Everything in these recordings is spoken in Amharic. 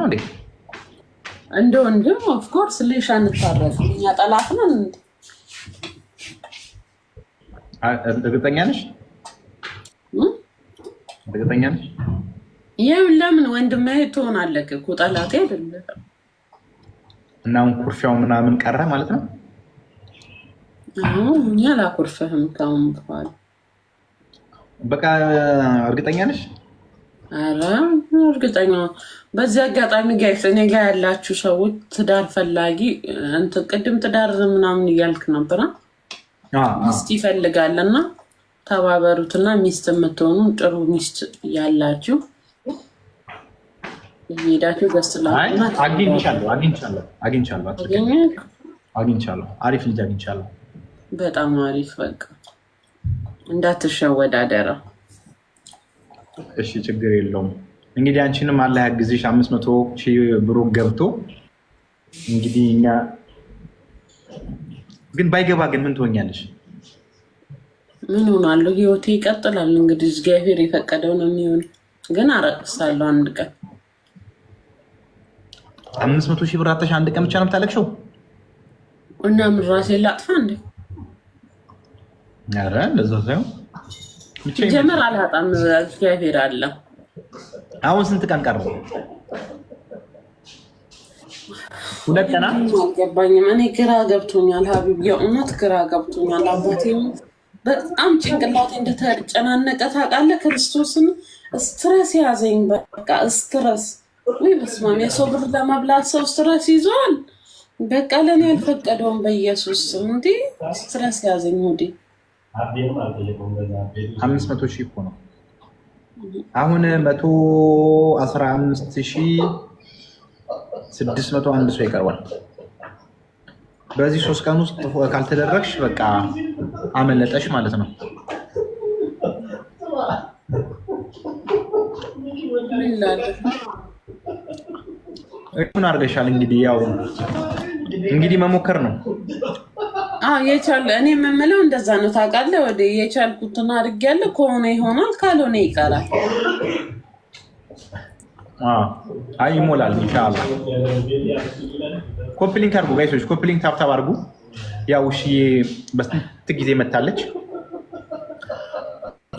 ነው እንዴ? እንደ ወንድም ኦፍኮርስ ልሽ አንታረቅ እኛ ጠላት ነን። እርግጠኛ ነሽ? እርግጠኛ ነሽ? ይህም ለምን ወንድም መሄድ ትሆናለህ እኮ ጠላቴ አይደለም። እና አሁን ኩርፊያው ምናምን ቀረ ማለት ነው። እኛ አላኩርፍህም ከአሁን በኋላ በቃ። እርግጠኛ ነሽ? እርግጠኛ በዚህ አጋጣሚ ጋይስ እኔ ጋ ያላችሁ ሰዎች ትዳር ፈላጊ ቅድም ትዳር ምናምን እያልክ ነበረ። ሚስት ይፈልጋልና ተባበሩትና ሚስት የምትሆኑ ጥሩ ሚስት ያላችሁ ሄዳችሁ ገስ አሪፍ ልጅ አግኝቻለሁ። በጣም አሪፍ። በቃ እንዳትሸወድ አደራ። እሺ ችግር የለውም። እንግዲህ አንቺንም አላህ ያግዝሽ። አምስት መቶ ሺህ ብሩ ገብቶ እንግዲህ እኛ ግን ባይገባ ግን ምን ትሆኛለሽ? ምን ሆናለሁ? ህይወቴ ይቀጥላል። እንግዲህ እግዚአብሔር የፈቀደው ነው የሚሆን። ግን አረቅሳለሁ አንድ ቀን። አምስት መቶ ሺህ ብር አጥተሽ አንድ ቀን ብቻ ነው የምታለቅሽው? እና ምን ራሴን ላጥፋ እንዴ? ኧረ እንደዛ ሳይሆን ጀመር አላጣም። እግዚአብሔር አለ። አሁን ስንት ቀን ቀረ? ሁለት ቀና አልገባኝም። እኔ ግራ ገብቶኛል ሀቢብ፣ የእውነት ግራ ገብቶኛል። አባቴም በጣም ጭንቅላቴ እንደተጨናነቀ ታውቃለህ። ክርስቶስን ስትረስ ያዘኝ። በቃ ስትረስ ወይ በስመ አብ! የሰው ብር ለመብላት ሰው ስትረስ ይዟል። በቃ ለእኔ አልፈቀደውም። በኢየሱስ እንዲህ ስትረስ ያዘኝ ሆዴ አምስት መቶ ሺህ እኮ ነው አሁን መቶ አስራ አምስት ሺህ ስድስት መቶ አንድ ሰው ይቀርባል። በዚህ ሶስት ቀን ውስጥ ካልተደረግሽ በቃ አመለጠሽ ማለት ነው። ምን አድርገሻል? እንግዲህ ያው እንግዲህ መሞከር ነው። አዎ የቻሉ እኔ የምምለው እንደዛ ነው ታውቃለህ። ወደ የቻልኩትን አድርጌያለሁ። ከሆነ ይሆናል፣ ካልሆነ ይቀራል። አይ ይሞላል። ኢንሻአላ ኮፕሊንክ አርጉ ጋይሶች፣ ኮፕሊንክ ታብታብ አርጉ። ያው እሺ፣ በስንት ጊዜ መታለች።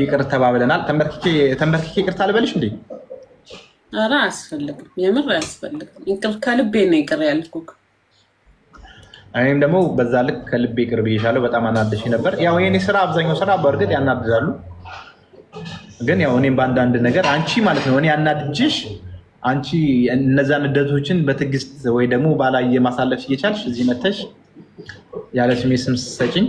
ይቅር ተባብለናል። ተንበርክኬ ተንበርክኬ ይቅርታ ልበልሽ እንዴ? ኧረ አያስፈልግም፣ የምር አያስፈልግም። ይቅር ከልቤ ነው ይቅር ያልኩህ እኔም ደግሞ በዛ ልክ ከልቤ ቅርብ ይሻለው በጣም አናደሽ ነበር። ያው የኔ ስራ አብዛኛው ስራ በእርግጥ ያናድዳሉ፣ ግን ያው እኔም በአንዳንድ ነገር አንቺ ማለት ነው እኔ ያናድጅሽ አንቺ እነዛ ንደቶችን በትዕግስት ወይ ደግሞ ባላየ ማሳለፍ እየቻልሽ እዚህ መተሽ ያለ ስሜ ስም ስሰጭኝ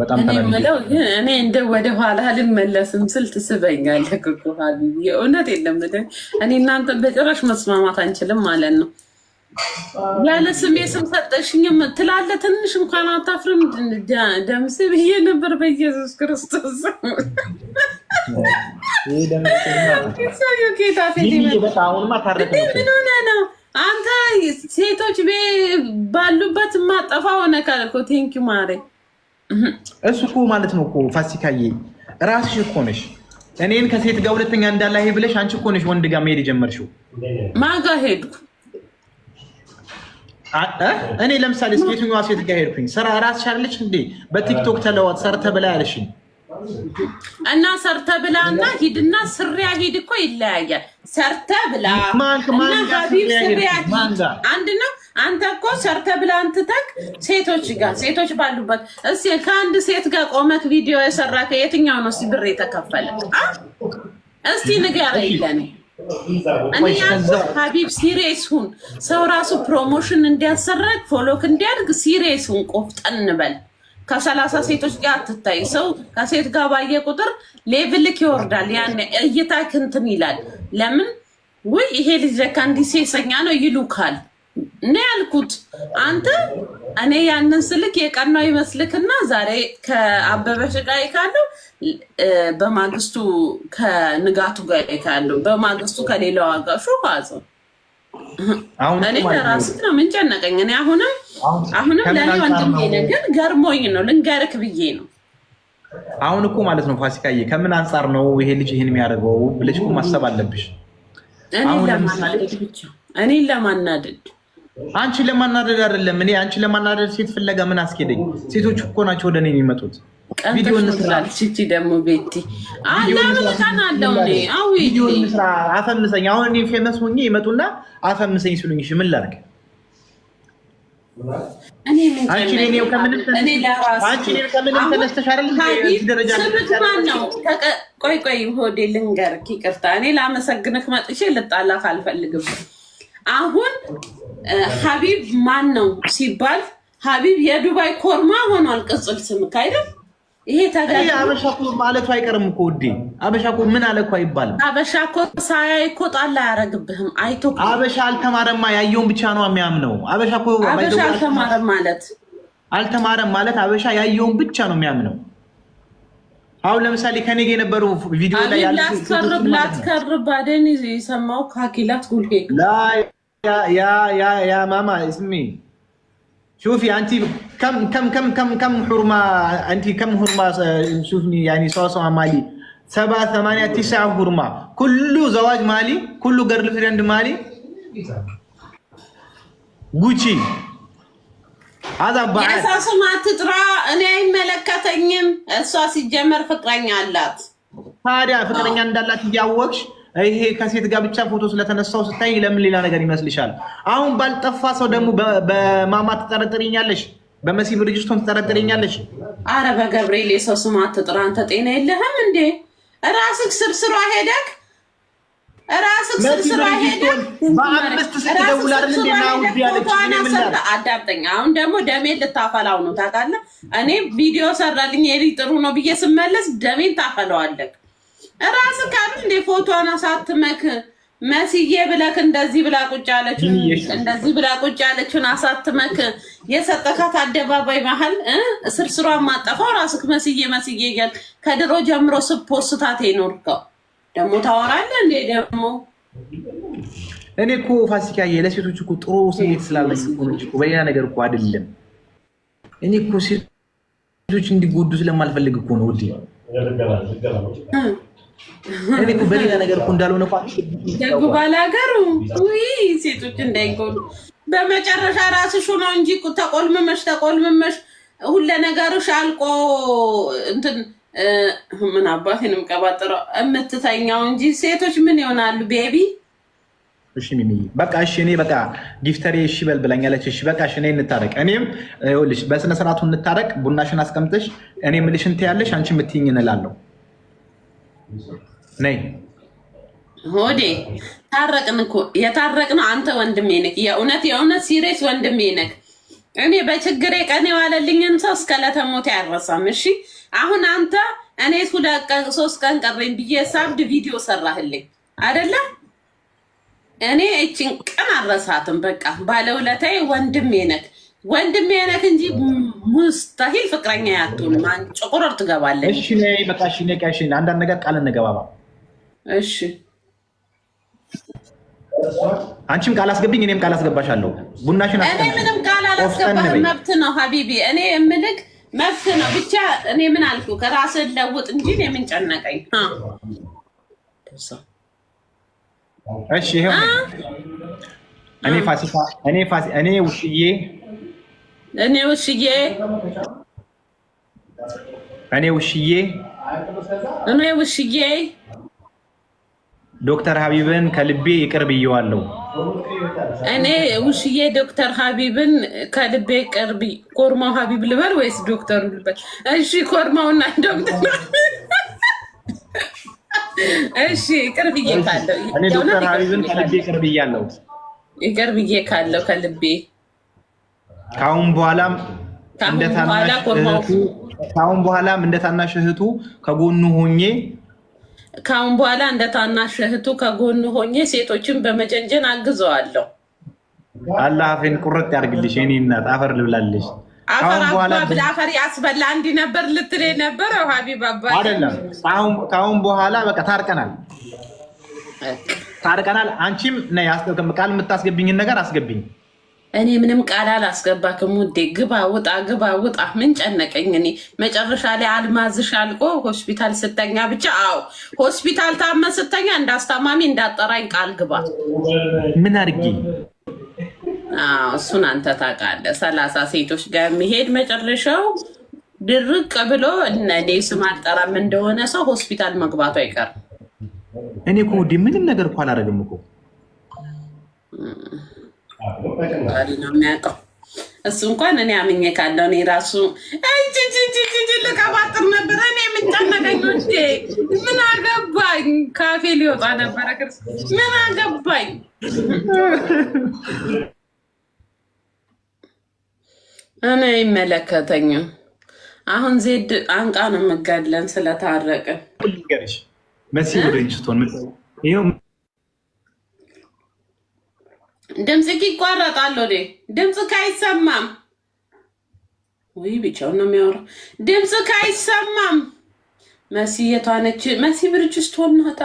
በጣም ተመለው እኔ እንደ ወደ ኋላ ልመለስም ስል ትስበኛለህ። የእውነት የለም እኔ እናንተ በጭራሽ መስማማት አንችልም ማለት ነው። ያለ ስሜ ስም ሰጠሽኝም ትላለ። ትንሽ እንኳን አታፍርም? ደምሴ ብዬ ነበር። በኢየሱስ ክርስቶስ ምን ነው አንተ? ሴቶች ቤ ባሉበት ማጠፋ ሆነ ካልኮ ቴንኪ ማሬ። እሱ እኮ ማለት ነው እኮ ፋሲካዬ፣ ራስሽ እኮ ነሽ እኔን ከሴት ጋር ሁለተኛ እንዳላሄ ብለሽ አንቺ እኮ ነሽ ወንድ ጋር መሄድ የጀመርሽው። ማጋ ሄድኩ እኔ ለምሳሌ የትኛዋ ሴት ጋር ሄድኩኝ? ስራ እራስሽ አይደለች እንዴ በቲክቶክ ተለዋት ሰርተ ብላ ያለሽኝ እና ሰርተ ብላ እና ሂድና ስሪያ ሂድ እኮ ይለያያል። ሰርተ ብላ አንድ ነው። አንተ እኮ ሰርተ ብላ እንትተክ ሴቶች ጋር ሴቶች ባሉበት እስ ከአንድ ሴት ጋር ቆመክ ቪዲዮ የሰራከ የትኛው ነው ሲ ብር የተከፈለ? እስቲ ንገረኝ ለኔ ሀቢብ ሲሪየስ ሁን። ሰው ራሱ ፕሮሞሽን እንዲያሰረግ ፎሎክ እንዲያድግ ሲሪየስ ሁን። ቆፍጠን እንበል። ከሰላሳ ሴቶች ጋር አትታይ። ሰው ከሴት ጋር ባየ ቁጥር ሌቭልክ ይወርዳል። ያን እይታ እንትን ይላል። ለምን ውይ ይሄ ልጅ ለካ እንዲህ ሴሰኛ ነው ይሉካል። እና ያልኩት አንተ እኔ ያንን ስልክ የቀናው ይመስልክና ዛሬ ከአበበሽ ጋር ካለው በማግስቱ ከንጋቱ ጋር ካለው በማግስቱ ከሌላው አጋሹ ኳዘ እኔ ለራስህ ነው ምን ጨነቀኝ። እኔ አሁንም አሁንም ለእኔ ወንድሜ ነህ፣ ግን ገርሞኝ ነው ልንገርክ ብዬ ነው። አሁን እኮ ማለት ነው ፋሲካዬ፣ ከምን አንጻር ነው ይሄ ልጅ ይህን የሚያደርገው ብለሽ ማሰብ አለብሽ። እኔ ለማናደድ ብቻ እኔ ለማናደድ አንቺ ለማናደድ አይደለም። እኔ አንቺ ለማናደድ ሴት ፍለጋ ምን አስኬደኝ? ሴቶች እኮ ናቸው ወደ እኔ የሚመጡት። ቪዲዮ እንስራ ደግሞ ቤቲ ቪዲዮ እንስራ፣ አፈምሰኝ። አሁን እኔ ፌመስ ሆኜ ይመጡና አፈምሰኝ ሲሉኝ እሺ ምን ላድርግ? ቆይ ቆይ ሆዴ ልንገርህ፣ ይቅርታ እኔ ላመሰግንክ መጥቼ ልጣላህ አልፈልግም አሁን ሀቢብ ማን ነው ሲባል ሀቢብ የዱባይ ኮርማ ሆኗል ቅጽል ስም አይደል? ይሄ ታዲያ አበሻ እኮ ማለቱ አይቀርም እኮ ውዴ። አበሻ እኮ ምን አለ እኮ አይባልም። አበሻ እኮ ሳያይ እኮ ጣል አያደርግብህም። አይቶ አበሻ አልተማረማ፣ ያየውን ብቻ ነው የሚያምነው። አበሻ እኮ አበሻ አልተማረም ማለት አልተማረም ማለት አበሻ ያየውን ብቻ ነው የሚያምነው። አሁን ለምሳሌ ከኔ ጋር የነበረው ቪዲዮ ላይ ያለ ላትከርብ ላትከርብ ባደን የሰማው ካኪላት ጉልሄ ላይ يا يا يا ماما اسمي شوفي انت كم كم كم كم كم حرمه انت كم حرمه شوفني يعني سواء مالي سبعة ثمانية تسعة حرمه كله زواج مالي كله جرل فريند مالي غوتشي هذا ጉቺ አዛ የእሷ ስም አትጥራ። እኔ አይመለከተኝም። እሷ ሲጀመር ፍቅረኛ አላት። ታዲያ ፍቅረኛ እንዳላት እያወቅሽ ይሄ ከሴት ጋር ብቻ ፎቶ ስለተነሳው ስታይ ለምን ሌላ ነገር ይመስልሻል? አሁን ባልጠፋ ሰው ደግሞ በማማ ትጠረጥርኛለሽ፣ በመሲ ብርጅስቶን ትጠረጥርኛለሽ። አረ በገብርኤል የሰው ስም አትጥራ። አንተ ጤና የለህም እንዴ? ራስህ ስርስሯ ሄደክ ራስህ ስርስሯ አዳምጠኝ። አሁን ደግሞ ደሜን ልታፈላው ነው ታውቃለህ። እኔ ቪዲዮ ሰራልኝ የሪ ጥሩ ነው ብዬ ስመለስ ደሜን ታፈለዋለህ ራስ ካሉ እንደ ፎቶዋን አሳትመክ መስዬ ብለክ እንደዚህ ብላ ቁጭ ያለችውን እንደዚህ ብላ ቁጭ ያለችውን አሳትመክ የሰጠካት አደባባይ መሀል ስርስሯን ማጠፋው ራስክ መስዬ መስዬ እያል ከድሮ ጀምሮ ስፖስታት የኖርከው ደግሞ ታወራለህ እንዴ? ደግሞ እኔ እኮ ፋሲካዬ ለሴቶች እኮ ጥሩ ስሜት ስላለ በሌላ ነገር እኮ አይደለም። እኔ እኮ ሴቶች እንዲጎዱ ስለማልፈልግ እኮ ነው ውዴ እኔ እኮ በሌላ ነገር እኮ እንዳልሆነ ደጉ ባላገሩ ሴቶች እንዳይጎሉ በመጨረሻ ራስሽ እንጂ ተቆልምመሽ ተቆልምመሽ ሁለ ነገርሽ አልቆ እንትን ምን አባቴንም ቀባጥረው የምትተኛው እንጂ ሴቶች ምን ይሆናሉ? ቤቢ እሺ ሚሚ በቃ እሺ፣ እኔ በቃ እሺ በል ብላኛለች። እሺ በቃ እሺ፣ እኔ እንታረቅ። እኔም ይኸውልሽ እንታረቅ። ቡናሽን አስቀምጠሽ እኔ አንቺ የምትይኝ እንላለሁ ነይ ሆዴ ታረቅን እኮ የታረቅነው አንተ ወንድሜ ነህ። የእውነት የእውነት ሲሬስ ወንድሜ ነህ። እኔ በችግሬ ቀን የዋለልኝን ሰው እስከ ለተሞቴ አይረሳም። እሺ አሁን አንተ እኔ ሁለት ቀን ሶስት ቀን ቀረኝ ብዬ ሳብድ ቪዲዮ ሰራህልኝ አይደለ? እኔ እቺን ቀን አረሳትም። በቃ ባለውለታዬ ወንድሜ ነህ። ወንድሜ አይነት እንጂ ሙስታሂል ፍቅረኛ ያጡን ማን ጨቆረር ትገባለ። እሺ ነይ በቃ እሺ ነይ እሺ ነይ። አንዳንድ ነገር ቃል እንገባባ። እሺ አንቺም ቃል አስገብኝ፣ እኔም ቃል አስገባሻለሁ። ቡናሽን እኔ ምንም ቃል አላስገባህ፣ መብት ነው ሀቢቢ። እኔ የምልክ መብት ነው። ብቻ እኔ ምን አልኩ ከራስን ለውጥ እንጂ እኔ ምን ጨነቀኝ። እሺ ይሄው እኔ ፋሲካ እኔ ፋሲ እኔ ውሽዬ እኔ ውሽዬ እኔ ውሽዬ እኔ ውሽዬ ዶክተር ሀቢብን ከልቤ ይቅር ብየዋለሁ። እኔ ውሽዬ ዶክተር ሀቢብን ከልቤ ይቅር ኮርማው ሀቢብ ልበል ወይስ ዶክተሩ ልበል? እሺ ኮርማውና ዶክተር እሺ ይቅር ብዬ ካለው እኔ ዶክተር ሀቢብን ከልቤ ይቅር ብያለሁ። ይቅር ብዬ ካለው ከልቤ ካሁን በኋላም ካሁን በኋላም እንደ ታናሽ እህቱ ከጎኑ ሆኜ ካሁን በኋላ እንደ ታናሽ እህቱ ከጎኑ ሆኜ ሴቶችን በመጀንጀን አግዘዋለሁ። አላህ አፌን ቁርጥ ያርግልሽ የኔ እናት፣ አፈር ልብላለሽ። አፈር ያስበላ እንዲህ ነበር ልትል ነበር ሀቢብ አባ አይደለም። ካሁን በኋላ በቃ ታርቀናል፣ ታርቀናል። አንቺም ቃል የምታስገብኝን ነገር አስገብኝ እኔ ምንም ቃል አላስገባክም ውዴ። ግባ ውጣ፣ ግባ ውጣ። ምን ጨነቀኝ እኔ። መጨረሻ ላይ አልማዝሽ አልቆ ሆስፒታል ስተኛ ብቻ። አዎ ሆስፒታል ታመ ስተኛ እንዳስታማሚ እንዳጠራኝ ቃል ግባ። ምን አርጊ? አዎ እሱን አንተ ታውቃለህ። ሰላሳ ሴቶች ጋር የሚሄድ መጨረሻው ድርቅ ብሎ እኔ ስም አልጠራም እንደሆነ ሰው ሆስፒታል መግባቱ አይቀርም። እኔ እኮ ውዴ ምንም ነገር እኮ አላደርግም እኮ ነው የሚያውቀው እሱ እንኳን እኔ አምኜ ካለው እኔ ራሱ እጅ ልቀባጥር ነበር። እኔ የምጨነቀኝ ምን አገባኝ፣ ካፌ ሊወጣ ነበረ። ምን አገባኝ። እኔ አይመለከተኝም። አሁን ዜድ አንቃ ነው የምገለን ስለታረቅን ድምፅ ይቋረጣል። ወዴ ድምፅክ ካይሰማም ወይ? ብቻውን ነው የሚያወራው። ድምፅክ አይሰማም። መሲ የቷነች? መሲ ብርጅ ውስጥ ሆናታ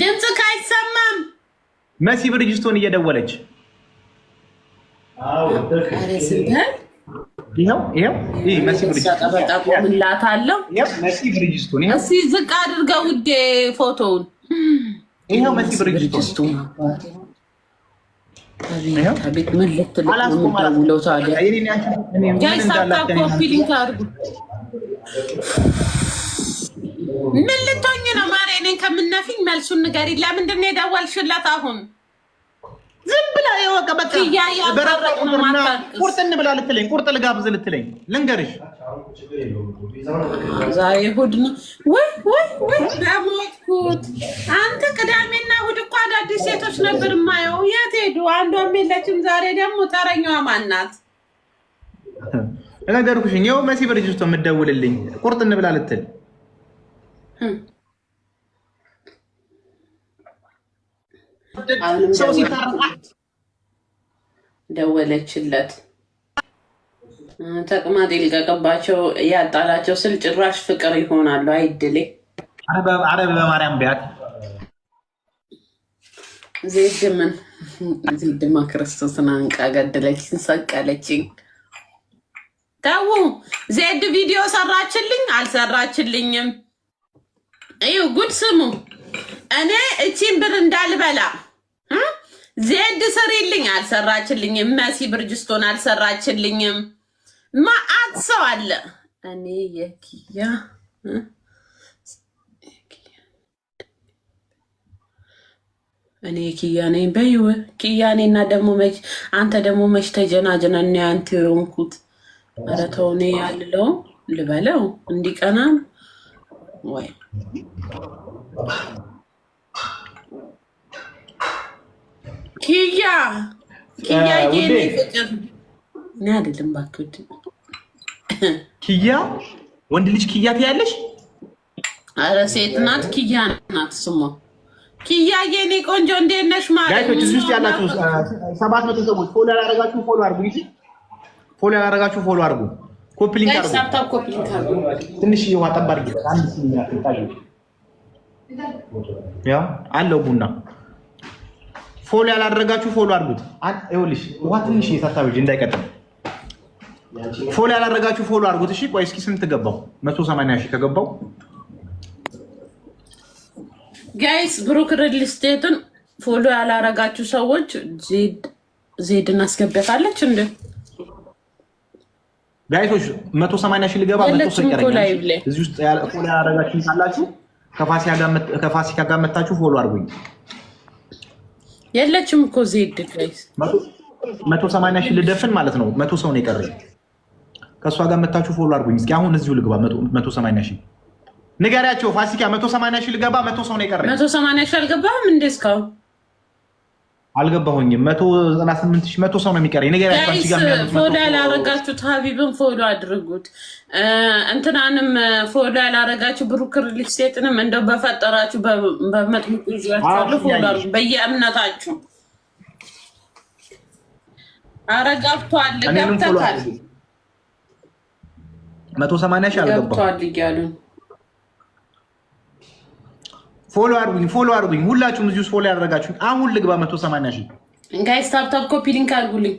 ድምፅክ አይሰማም። መሲ ብርጅስቶን እየደወለች ይኸው ይኸው መሲ ብርጅስቶን ዝቅ አድርገህ ውዴ ፎቶውን ይሄው መሲ ብርጅስቱ ምን ልትሆኝ ነው? ማርያምን ከምነፊኝ መልሱን ንገሪኝ። ለምንድን ነው የደወልሽላት አሁን? ዝም ብላ ይወቀ በቃ በራራ ቁጥርና ቁርጥ እንብላ ልትለኝ፣ ቁርጥ ልጋብዝ ልትለኝ ልንገርሽ፣ ዛሬ እሑድ ነው። ወይ ወይ ወይ በሞትኩት አንተ። ቅዳሜና እሑድ እኮ አዳዲስ ሴቶች ነበር ማየው። የት ሄዱ? አንዷም የለችም። ዛሬ ደግሞ ተረኛዋ ማናት? ነገርኩሽኝ። ይኸው መሲ ብርጅስቶ የምትደውልልኝ ቁርጥ እንብላ ልትል ሰው ሲታረቃት ደወለችለት። ተቅማጥ ይልቀቅባቸው ያጣላቸው ስል ጭራሽ ፍቅር ይሆናሉ። አይድሌ አረብ በማርያም ቢያት ዜድምን ዜድማ ክርስቶስን አንቃ ገደለችኝ፣ ሰቀለችኝ። ተው ዜድ ቪዲዮ ሰራችልኝ አልሰራችልኝም። እዩ ጉድ ስሙ። እኔ እቺን ብር እንዳልበላ ዜድ ስሪልኝ አልሰራችልኝም። መሲ ብርጅስቶን አልሰራችልኝም። ማአት ሰው አለ። እኔ የኪያ እኔ ኪያ ነኝ በይወ ኪያ ነኝና ደግሞ መች አንተ ደግሞ መች ተጀናጀና እና አንተ ሮንኩት ኧረ ተው እኔ ያልለው ልበለው እንዲቀናም ወይ ኪያ ኪያ የኔ ፍቅር እኔ አይደለም ባክድ ኪያ ወንድ ልጅ ኪያ ትያለሽ? አረ ሴት ናት። ኪያ ናት ስሟ። ኪያ የኔ ቆንጆ እንዴት ነሽ? ማለት ነው ውስጥ ያላችሁ ሰባት መቶ ሰዎች ፎሎ ያላረጋችሁ ፎሎ አርጉ እንጂ ፎሎ ያላረጋችሁ ፎሎ አርጉ። ኮፕሊንግ አርጉ። ሳብታብ ኮፕሊንግ አርጉ። ትንሽ ይዋ ጠባር ጊዜ አንድ ሲኛ ትታዩ ያ አለው ቡና ፎሎ ያላደረጋችሁ ፎሎ አድርጉት። ይኸውልሽ ውሃ ትንሽ የታታቢጅ እንዳይቀጥል ፎሎ ያላደረጋችሁ ፎሎ አድርጉት። እሺ ቆይ እስኪ ስንት ገባው? መቶ ሰማንያ ሺህ ከገባው ጋይስ ብሩክ ሪል ስቴትን ፎሎ ያላረጋችሁ ሰዎች ዜድ እናስገበታለች እንደ ጋይሶች መቶ ሰማንያ ሺህ ልገባ መቶ እዚህ ውስጥ ፎሎ ያላረጋችሁ ካላችሁ ከፋሲካ ጋር መታችሁ ፎሎ አድርጉኝ። የለችም እኮ ዜድ መቶ ሰማንያ ሺህ ልደፍን ማለት ነው። መቶ ሰው ነው የቀረኝ። ከእሷ ጋር መታችሁ ፎሎ አድርጉኝ እስኪ። አሁን እዚሁ ልግባ። መቶ ሰማንያ ሺህ ንገሪያቸው ፋሲካ። መቶ ሰማንያ ሺህ ልገባ። መቶ ሰው ነው የቀረኝ። መቶ ሰማንያ ሺህ አልገባም እንደ እስካሁን አልገባሁኝም። መቶ ዘጠና ስምንት ሺህ መቶ ሰው ነው የሚቀረኝ። ንገሪያቸው። ፎሎ ያላረጋችሁት ሀቢብን ፎዶ አድርጉት፣ እንትናንም ፎሎ ያላረጋችሁ ብሩክር ሊስቴጥንም እንደው በፈጠራችሁ በመጥምቁ ይዟችኋል። ፎሎ በየእምነታችሁ። አረጋብቷል። ገብተታል። መቶ ሰማንያ ሺህ አልገባሁም። ገብቷል እያሉን ፎሎ አድርጉኝ፣ ፎሎ አድርጉኝ። ሁላችሁም እዚህ ውስጥ ፎሎ ያደረጋችሁ አሁን ልግባ መቶ ሰማንያ ሺህ ጋይ ስታርታፕ ኮፒ ሊንክ አርጉልኝ።